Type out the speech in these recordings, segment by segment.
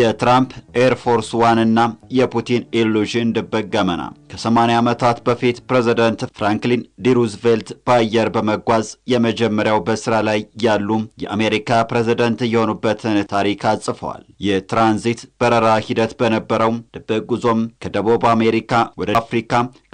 የትራምፕ ኤርፎርስ ዋንና የፑቲን ኢሉዥን ድብቅ ገመና ከ80 ዓመታት በፊት ፕሬዝዳንት ፍራንክሊን ዲ ሩዝቬልት በአየር በመጓዝ የመጀመሪያው በስራ ላይ ያሉ የአሜሪካ ፕሬዝዳንት የሆኑበትን ታሪክ አጽፈዋል። የትራንዚት በረራ ሂደት በነበረው ድብቅ ጉዞም ከደቡብ አሜሪካ ወደ አፍሪካ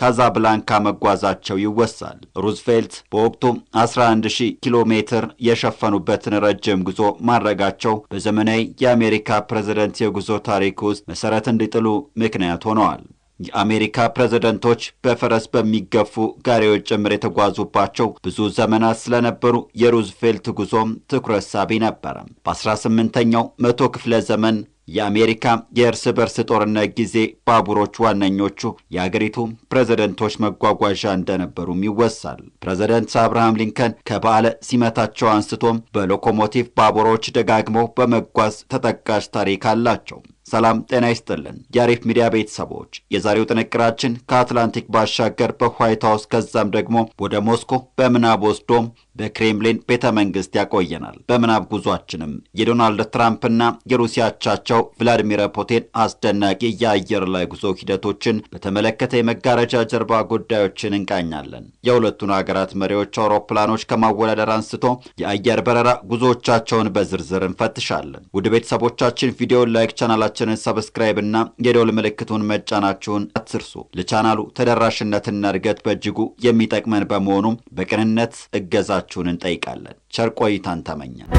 ካዛብላንካ መጓዛቸው ይወሳል። ሩዝቬልት በወቅቱ 11000 ኪሎ ሜትር የሸፈኑበትን ረጅም ጉዞ ማድረጋቸው በዘመናዊ የአሜሪካ ፕሬዝዳንት የጉዞ ታሪክ ውስጥ መሰረት እንዲጥሉ ምክንያት ሆነዋል። የአሜሪካ ፕሬዝደንቶች በፈረስ በሚገፉ ጋሪዎች ጭምር የተጓዙባቸው ብዙ ዘመናት ስለነበሩ የሩዝቬልት ጉዞም ትኩረት ሳቢ ነበረ። በ18ኛው መቶ ክፍለ ዘመን የአሜሪካ የእርስ በርስ ጦርነት ጊዜ ባቡሮች ዋነኞቹ የአገሪቱ ፕሬዝደንቶች መጓጓዣ እንደነበሩም ይወሳል። ፕሬዝደንት አብርሃም ሊንከን ከበዓለ ሲመታቸው አንስቶም በሎኮሞቲቭ ባቡሮች ደጋግመው በመጓዝ ተጠቃሽ ታሪክ አላቸው። ሰላም ጤና ይስጥልን፣ የአሪፍ ሚዲያ ቤተሰቦች። የዛሬው ጥንቅራችን ከአትላንቲክ ባሻገር በዋይት ሀውስ ከዛም ደግሞ ወደ ሞስኮ በምናብ ወስዶም በክሬምሊን ቤተ መንግስት ያቆየናል። በምናብ ጉዟችንም የዶናልድ ትራምፕና የሩሲያ አቻቸው ቭላዲሚር ፑቲን አስደናቂ የአየር ላይ ጉዞ ሂደቶችን በተመለከተ የመጋረጃ ጀርባ ጉዳዮችን እንቃኛለን። የሁለቱን ሀገራት መሪዎች አውሮፕላኖች ከማወዳደር አንስቶ የአየር በረራ ጉዞዎቻቸውን በዝርዝር እንፈትሻለን። ውድ ቤተሰቦቻችን ቪዲዮን ላይክ፣ ቻናላችንን ሰብስክራይብ እና የደውል ምልክቱን መጫናችሁን አትርሱ። ለቻናሉ ተደራሽነትና እድገት በእጅጉ የሚጠቅመን በመሆኑም በቅንነት እገዛ እንድትረዱላችሁን እንጠይቃለን። ቸር ቆይታን ተመኘን።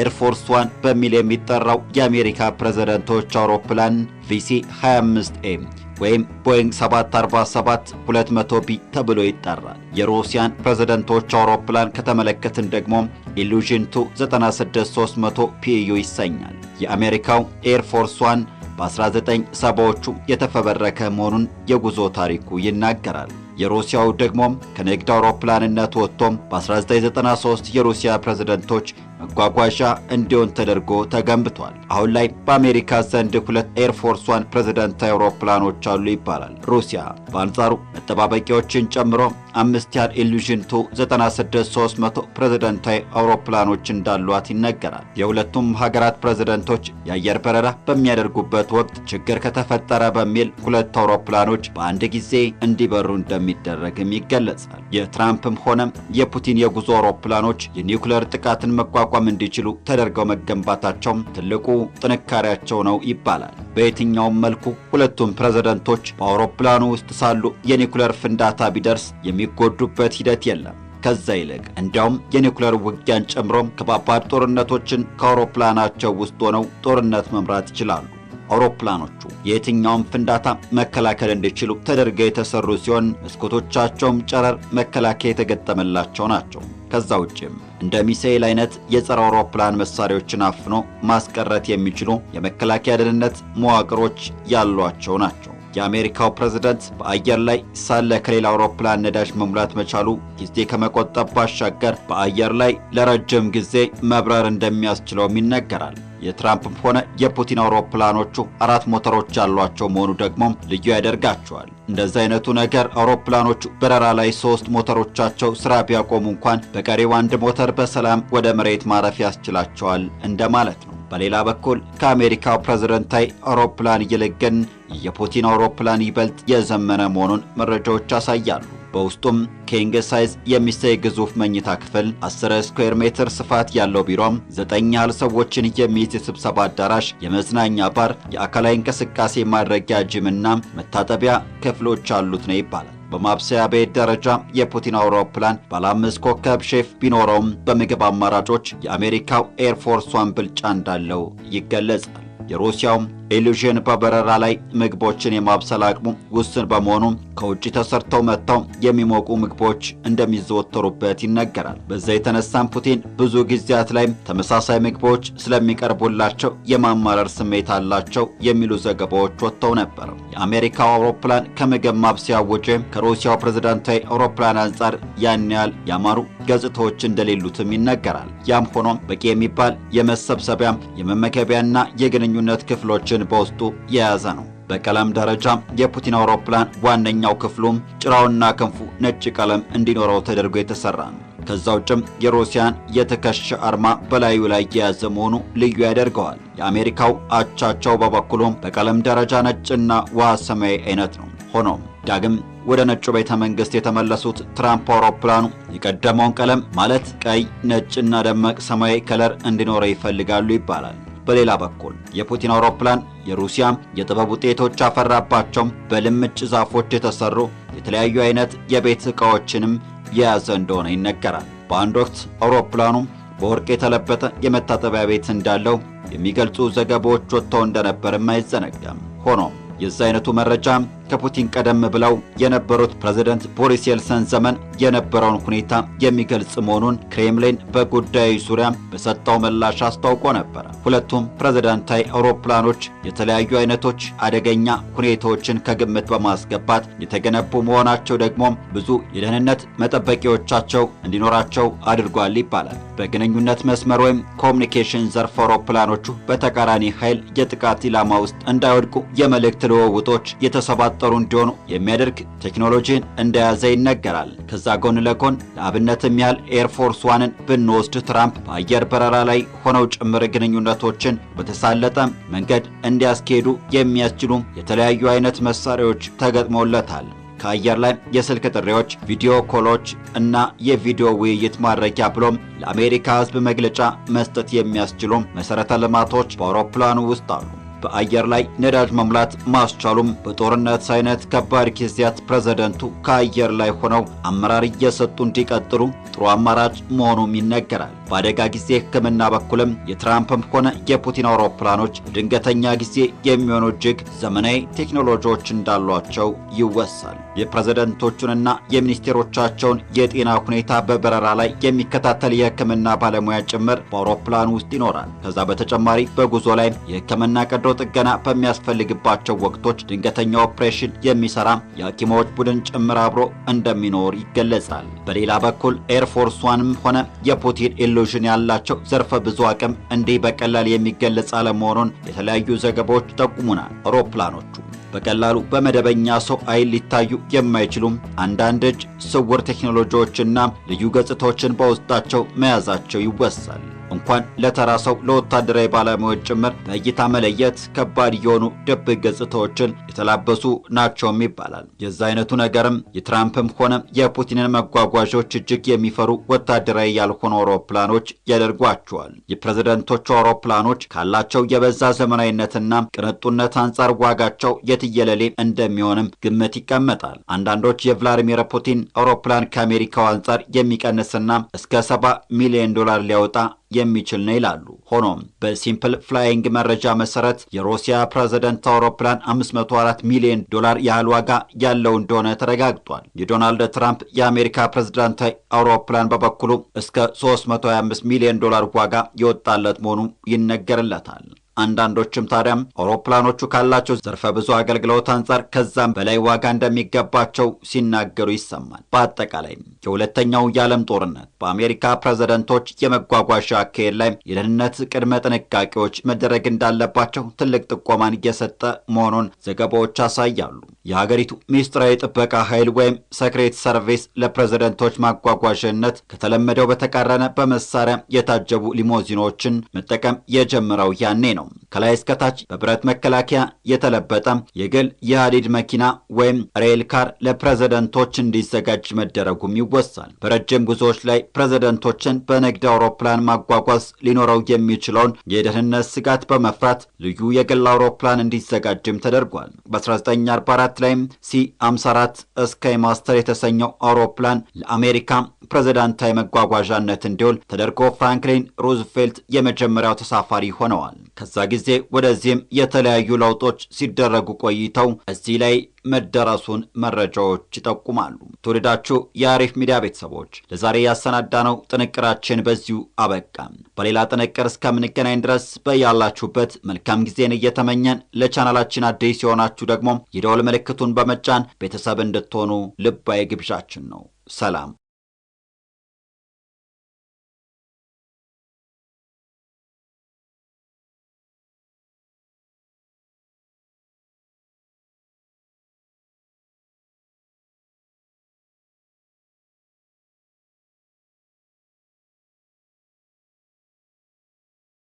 ኤርፎርስ ዋን በሚል የሚጠራው የአሜሪካ ፕሬዝደንቶች አውሮፕላን ቪሲ 25 ኤም ወይም ቦይንግ 747 200 ቢ ተብሎ ይጠራል። የሩሲያን ፕሬዝደንቶች አውሮፕላን ከተመለከትን ደግሞ ኢሉዥን ቱ 96 300 ፒዩ ይሰኛል። የአሜሪካው ኤርፎርስ ዋን በ1970ዎቹ የተፈበረከ መሆኑን የጉዞ ታሪኩ ይናገራል። የሩሲያው ደግሞም ከንግድ አውሮፕላንነት ወጥቶም በ1993 የሩሲያ ፕሬዝደንቶች መጓጓዣ እንዲሆን ተደርጎ ተገንብቷል። አሁን ላይ በአሜሪካ ዘንድ ሁለት ኤርፎርስ ዋን ፕሬዝደንታዊ አውሮፕላኖች አሉ ይባላል። ሩሲያ በአንጻሩ መጠባበቂያዎችን ጨምሮ አምስት ያህል ኢሉዥን ቱ 96300 ፕሬዝደንታዊ አውሮፕላኖች እንዳሏት ይነገራል። የሁለቱም ሀገራት ፕሬዝደንቶች የአየር በረራ በሚያደርጉበት ወቅት ችግር ከተፈጠረ በሚል ሁለት አውሮፕላኖች በአንድ ጊዜ እንዲበሩ እንደሚደረግም ይገለጻል። የትራምፕም ሆነ የፑቲን የጉዞ አውሮፕላኖች የኒውክሌር ጥቃትን መቋ መቋቋም እንዲችሉ ተደርገው መገንባታቸውም ትልቁ ጥንካሬያቸው ነው ይባላል። በየትኛውም መልኩ ሁለቱም ፕሬዝደንቶች በአውሮፕላኑ ውስጥ ሳሉ የኒኩለር ፍንዳታ ቢደርስ የሚጎዱበት ሂደት የለም። ከዛ ይልቅ እንዲያውም የኒኩለር ውጊያን ጨምሮም ከባባድ ጦርነቶችን ከአውሮፕላናቸው ውስጥ ሆነው ጦርነት መምራት ይችላሉ። አውሮፕላኖቹ የትኛውም ፍንዳታ መከላከል እንዲችሉ ተደርገው የተሰሩ ሲሆን መስኮቶቻቸውም ጨረር መከላከያ የተገጠመላቸው ናቸው። ከዛ ውጭም እንደ ሚሳኤል አይነት የጸረ አውሮፕላን መሳሪያዎችን አፍኖ ማስቀረት የሚችሉ የመከላከያ ደህንነት መዋቅሮች ያሏቸው ናቸው። የአሜሪካው ፕሬዝደንት በአየር ላይ ሳለ ከሌላ አውሮፕላን ነዳጅ መሙላት መቻሉ ጊዜ ከመቆጠብ ባሻገር በአየር ላይ ለረጅም ጊዜ መብረር እንደሚያስችለውም ይነገራል። የትራምፕም ሆነ የፑቲን አውሮፕላኖቹ አራት ሞተሮች ያሏቸው መሆኑ ደግሞ ልዩ ያደርጋቸዋል። እንደዚህ አይነቱ ነገር አውሮፕላኖቹ በረራ ላይ ሶስት ሞተሮቻቸው ስራ ቢያቆሙ እንኳን በቀሪው አንድ ሞተር በሰላም ወደ መሬት ማረፍ ያስችላቸዋል እንደማለት ነው። በሌላ በኩል ከአሜሪካው ፕሬዝደንታዊ አውሮፕላን ይልቅ ግን የፑቲን አውሮፕላን ይበልጥ የዘመነ መሆኑን መረጃዎች ያሳያሉ። በውስጡም ኪንግ ሳይዝ የሚሰይ ግዙፍ መኝታ ክፍል፣ 10 ስኩዌር ሜትር ስፋት ያለው ቢሮም፣ ዘጠኝ ያህል ሰዎችን የሚይዝ የስብሰባ አዳራሽ፣ የመዝናኛ ባር፣ የአካላዊ እንቅስቃሴ ማድረጊያ ጅምና መታጠቢያ ክፍሎች አሉት ነው ይባላል። በማብሰያ ቤት ደረጃ የፑቲን አውሮፕላን ባለአምስት ኮከብ ሼፍ ቢኖረውም በምግብ አማራጮች የአሜሪካው ኤርፎርስ ዋን ብልጫ እንዳለው ይገለጻል። የሩሲያውም ኢሉዥን በበረራ ላይ ምግቦችን የማብሰል አቅሙ ውስን በመሆኑ ከውጭ ተሰርተው መጥተው የሚሞቁ ምግቦች እንደሚዘወተሩበት ይነገራል። በዛ የተነሳም ፑቲን ብዙ ጊዜያት ላይ ተመሳሳይ ምግቦች ስለሚቀርቡላቸው የማማረር ስሜት አላቸው የሚሉ ዘገባዎች ወጥተው ነበር። የአሜሪካው አውሮፕላን ከምግብ ማብሰያ ውጪ ከሩሲያው ፕሬዝዳንታዊ አውሮፕላን አንጻር ያን ያህል ያማሩ ገጽታዎች እንደሌሉትም ይነገራል። ያም ሆኖም በቂ የሚባል የመሰብሰቢያ የመመገቢያና የግንኙነት ክፍሎች ጭራዎችን በውስጡ የያዘ ነው። በቀለም ደረጃ የፑቲን አውሮፕላን ዋነኛው ክፍሉም ጭራውና ክንፉ ነጭ ቀለም እንዲኖረው ተደርጎ የተሰራ ነው። ከዛ ውጭም የሩሲያን የትከሻ አርማ በላዩ ላይ የያዘ መሆኑ ልዩ ያደርገዋል። የአሜሪካው አቻቸው በበኩሉም በቀለም ደረጃ ነጭና ውሃ ሰማያዊ አይነት ነው። ሆኖም ዳግም ወደ ነጩ ቤተ መንግስት የተመለሱት ትራምፕ አውሮፕላኑ የቀደመውን ቀለም ማለት ቀይ፣ ነጭና ደማቅ ሰማያዊ ከለር እንዲኖረው ይፈልጋሉ ይባላል። በሌላ በኩል የፑቲን አውሮፕላን የሩሲያ የጥበብ ውጤቶች ያፈራባቸው በልምጭ ዛፎች የተሰሩ የተለያዩ አይነት የቤት ዕቃዎችንም የያዘ እንደሆነ ይነገራል። በአንድ ወቅት አውሮፕላኑ በወርቅ የተለበጠ የመታጠቢያ ቤት እንዳለው የሚገልጹ ዘገባዎች ወጥተው እንደነበርም አይዘነጋም። ሆኖም የዚህ አይነቱ መረጃ ከፑቲን ቀደም ብለው የነበሩት ፕሬዝደንት ቦሪስ የልሰን ዘመን የነበረውን ሁኔታ የሚገልጽ መሆኑን ክሬምሊን በጉዳዩ ዙሪያ በሰጠው ምላሽ አስታውቆ ነበር። ሁለቱም ፕሬዝዳንታዊ አውሮፕላኖች የተለያዩ አይነቶች አደገኛ ሁኔታዎችን ከግምት በማስገባት የተገነቡ መሆናቸው ደግሞ ብዙ የደህንነት መጠበቂያዎቻቸው እንዲኖራቸው አድርጓል ይባላል። በግንኙነት መስመር ወይም ኮሚኒኬሽን ዘርፍ አውሮፕላኖቹ በተቃራኒ ኃይል የጥቃት ኢላማ ውስጥ እንዳይወድቁ የመልእክት ልውውጦች የተሰባ የተቆጣጠሩ እንዲሆኑ የሚያደርግ ቴክኖሎጂን እንደያዘ ይነገራል። ከዛ ጎን ለጎን ለአብነትም ያህል ኤርፎርስ ዋንን ብንወስድ ትራምፕ በአየር በረራ ላይ ሆነው ጭምር ግንኙነቶችን በተሳለጠም መንገድ እንዲያስኬዱ የሚያስችሉም የተለያዩ አይነት መሳሪያዎች ተገጥሞለታል። ከአየር ላይ የስልክ ጥሪዎች፣ ቪዲዮ ኮሎች እና የቪዲዮ ውይይት ማድረጊያ ብሎም ለአሜሪካ ሕዝብ መግለጫ መስጠት የሚያስችሉም መሠረተ ልማቶች በአውሮፕላኑ ውስጥ አሉ። በአየር ላይ ነዳጅ መሙላት ማስቻሉም በጦርነት አይነት ከባድ ጊዜያት ፕሬዝደንቱ ከአየር ላይ ሆነው አመራር እየሰጡ እንዲቀጥሉ ጥሩ አማራጭ መሆኑም ይነገራል። በአደጋ ጊዜ ሕክምና በኩልም የትራምፕም ሆነ የፑቲን አውሮፕላኖች ድንገተኛ ጊዜ የሚሆኑ እጅግ ዘመናዊ ቴክኖሎጂዎች እንዳሏቸው ይወሳል። የፕሬዝደንቶቹንና የሚኒስቴሮቻቸውን የጤና ሁኔታ በበረራ ላይ የሚከታተል የሕክምና ባለሙያ ጭምር በአውሮፕላን ውስጥ ይኖራል። ከዛ በተጨማሪ በጉዞ ላይ የሕክምና ቀዶ ጥገና በሚያስፈልግባቸው ወቅቶች ድንገተኛ ኦፕሬሽን የሚሰራ የሐኪሞች ቡድን ጭምር አብሮ እንደሚኖር ይገለጻል። በሌላ በኩል ኤርፎርስ ዋንም ሆነ የፑቲን ኢሉዥን ያላቸው ዘርፈ ብዙ አቅም እንዲህ በቀላል የሚገለጽ አለመሆኑን የተለያዩ ዘገባዎች ጠቁሙናል። አውሮፕላኖቹ በቀላሉ በመደበኛ ሰው አይን ሊታዩ የማይችሉም አንዳንድ እጅ ስውር ቴክኖሎጂዎችና ልዩ ገጽታዎችን በውስጣቸው መያዛቸው ይወሳል። እንኳን ለተራ ሰው ለወታደራዊ ባለሙያዎች ጭምር በእይታ መለየት ከባድ የሆኑ ድብቅ ገጽታዎችን የተላበሱ ናቸውም ይባላል። የዛ አይነቱ ነገርም የትራምፕም ሆነ የፑቲንን መጓጓዣዎች እጅግ የሚፈሩ ወታደራዊ ያልሆኑ አውሮፕላኖች ያደርጓቸዋል። የፕሬዝደንቶቹ አውሮፕላኖች ካላቸው የበዛ ዘመናዊነትና ቅንጡነት አንጻር ዋጋቸው የትየለሌ እንደሚሆንም ግምት ይቀመጣል። አንዳንዶች የቭላዲሚር ፑቲን አውሮፕላን ከአሜሪካው አንጻር የሚቀንስና እስከ ሰባ ሚሊዮን ዶላር ሊያወጣ የሚችል ነው ይላሉ። ሆኖም በሲምፕል ፍላይንግ መረጃ መሰረት የሩሲያ ፕሬዝደንት አውሮፕላን 504 ሚሊዮን ዶላር ያህል ዋጋ ያለው እንደሆነ ተረጋግጧል። የዶናልድ ትራምፕ የአሜሪካ ፕሬዝዳንታዊ አውሮፕላን በበኩሉ እስከ 325 ሚሊዮን ዶላር ዋጋ የወጣለት መሆኑ ይነገርለታል። አንዳንዶችም ታዲያም አውሮፕላኖቹ ካላቸው ዘርፈ ብዙ አገልግሎት አንጻር ከዛም በላይ ዋጋ እንደሚገባቸው ሲናገሩ ይሰማል። በአጠቃላይም የሁለተኛው የዓለም ጦርነት በአሜሪካ ፕሬዝደንቶች የመጓጓዣ አካሄድ ላይ የደህንነት ቅድመ ጥንቃቄዎች መደረግ እንዳለባቸው ትልቅ ጥቆማን እየሰጠ መሆኑን ዘገባዎች አሳያሉ። የሀገሪቱ ሚስጥራዊ ጥበቃ ኃይል ወይም ሰክሬት ሰርቪስ ለፕሬዝደንቶች ማጓጓዣነት ከተለመደው በተቃረነ በመሳሪያ የታጀቡ ሊሞዚኖችን መጠቀም የጀመረው ያኔ ነው። ከላይ እስከታች በብረት መከላከያ የተለበጠ የግል የሀዲድ መኪና ወይም ሬል ካር ለፕሬዝደንቶች እንዲዘጋጅ መደረጉም ይወ ይወሳል። በረጅም ጉዞዎች ላይ ፕሬዝደንቶችን በንግድ አውሮፕላን ማጓጓዝ ሊኖረው የሚችለውን የደህንነት ስጋት በመፍራት ልዩ የግል አውሮፕላን እንዲዘጋጅም ተደርጓል። በ1944 ላይም ሲ 54 ስካይ ማስተር የተሰኘው አውሮፕላን ለአሜሪካ ፕሬዝዳንታዊ መጓጓዣነት እንዲውል ተደርጎ ፍራንክሊን ሩዝቬልት የመጀመሪያው ተሳፋሪ ሆነዋል። ከዛ ጊዜ ወደዚህም የተለያዩ ለውጦች ሲደረጉ ቆይተው እዚህ ላይ መደረሱን መረጃዎች ይጠቁማሉ። ትውልዳችሁ የአሪፍ ሚዲያ ቤተሰቦች ለዛሬ ያሰናዳነው ጥንቅራችን በዚሁ አበቃም። በሌላ ጥንቅር እስከምንገናኝ ድረስ በያላችሁበት መልካም ጊዜን እየተመኘን ለቻናላችን አዲስ የሆናችሁ ደግሞ የደወል ምልክቱን በመጫን ቤተሰብ እንድትሆኑ ልባዊ ግብዣችን ነው። ሰላም።